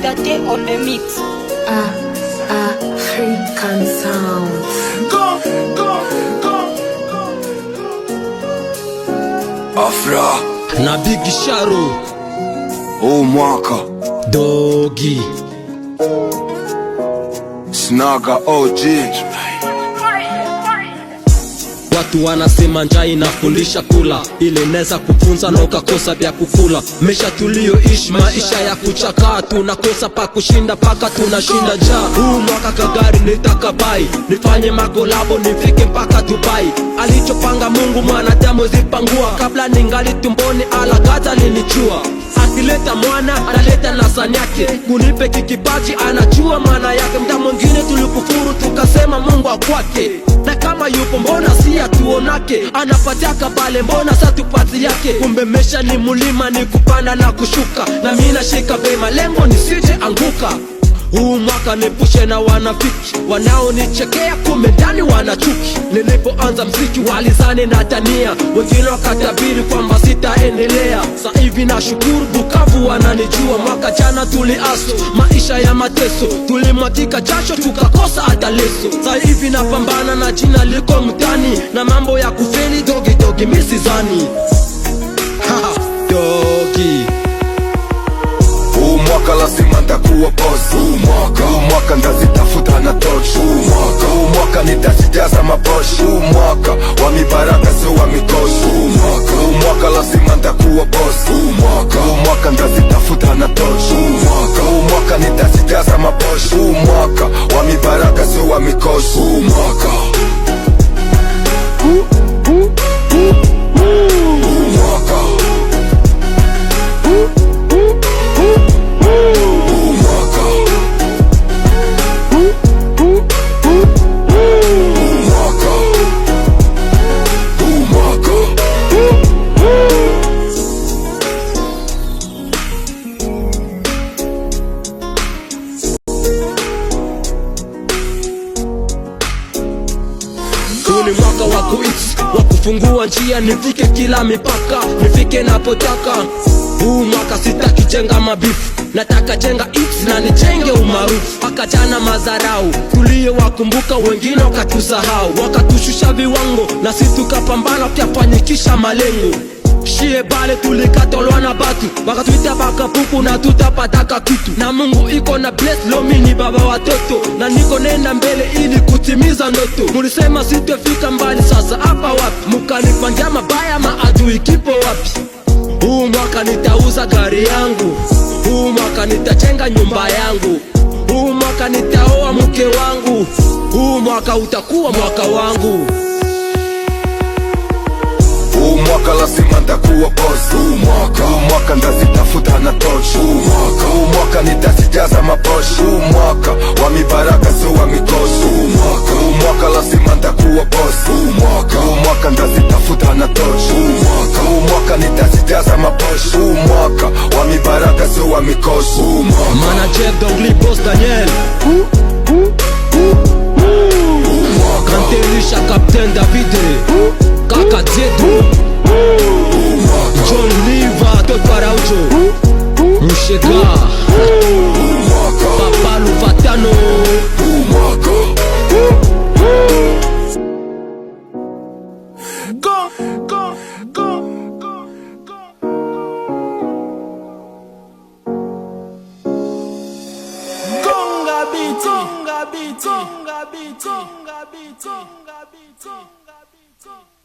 Saturday on the mix. Ah, African sound. Go, go, go, go. Afra. Na Big Sharo. Oh, Mwaka. Doggy. Snaga OG. Watu wanasema njaa inafundisha kula, ili neza kufunza na ukakosa vya kukula. Mesha tuliyoishi maisha ya kuchakaa, tunakosa pa kushinda paka tunashinda njaa. Huu mwaka Kagari nitakabai, nifanye makolabo nifike mpaka Dubai. Alichopanga Mungu mwanadamu zipangua, kabla ningali tumboni alagata linichua akileta mwana analeta na sanyake, kunipe kikipaji anajua maana yake. Mda mwingine tulikufuru tukasema Mungu akwake, na kama yupo mbona si atuonake? Anapataka pale mbona sa tupati yake? Kumbe mesha ni mulima, ni kupanda na kushuka, na mi nashika vema lengo nisije anguka huu mwaka nipushe na wanafiki wanaonichekea, kume ndani wanachuki Nilipoanza mziki walizani na tania, wengine wakatabiri kwamba sitaendelea. Sa hivi na shukuru Bukavu wananijua. Mwaka jana tuliaso maisha ya mateso, tulimwatika chacho tukakosa hata leso. Sa hivi napambana na jina liko mtani na mambo ya kufeli dogi dogi misizani Kila umwaka umwaka ndazitafuta na torch umwaka umwaka nitazijaza maposhu umwaka wa mibaraka sio wa mikoshi umwaka umwaka lazima ntakuwa boss umwaka umwaka ni mwaka wa kuichi wa kufungua njia, nifike kila mipaka, nifike napotaka. Huu mwaka sitaki jenga mabifu, nataka jenga hits na nijenge umaarufu. Akachana madharau wakumbuka wengine wakatusahau, wakatushusha viwango, na sisi tukapambana, tukafanyikisha malengo shie bale tulikatolwa na batu bakatuita bakapupu na tutapataka kitu na Mungu iko na bless lomini baba watoto na niko nenda mbele ili kutimiza ndoto. Mulisema sitofika mbali, sasa hapa wapi? Mukanipandia mabaya, maadui kipo wapi? Huu mwaka nitauza gari yangu, huu mwaka nitachenga nyumba yangu, huu mwaka nitaoa mke wangu, huu mwaka utakuwa mwaka wangu. Huu mwaka lazima ndakuwa boss. Huu mwaka ndazitafuta na torch. Huu mwaka nitazijaza maposho. Huu mwaka wa mibaraka sio wa mitoshi. Huu mwaka lazima ndakuwa boss. Huu mwaka ndazitafuta na torch. Huu mwaka nitazijaza maposho. Huu mwaka wa mibaraka sio wa mikoshi. dog li Boss Daniel Kanterisha Captain Davide Kaka beat. Conga beat. Conga beat. Conga beat. Conga beat.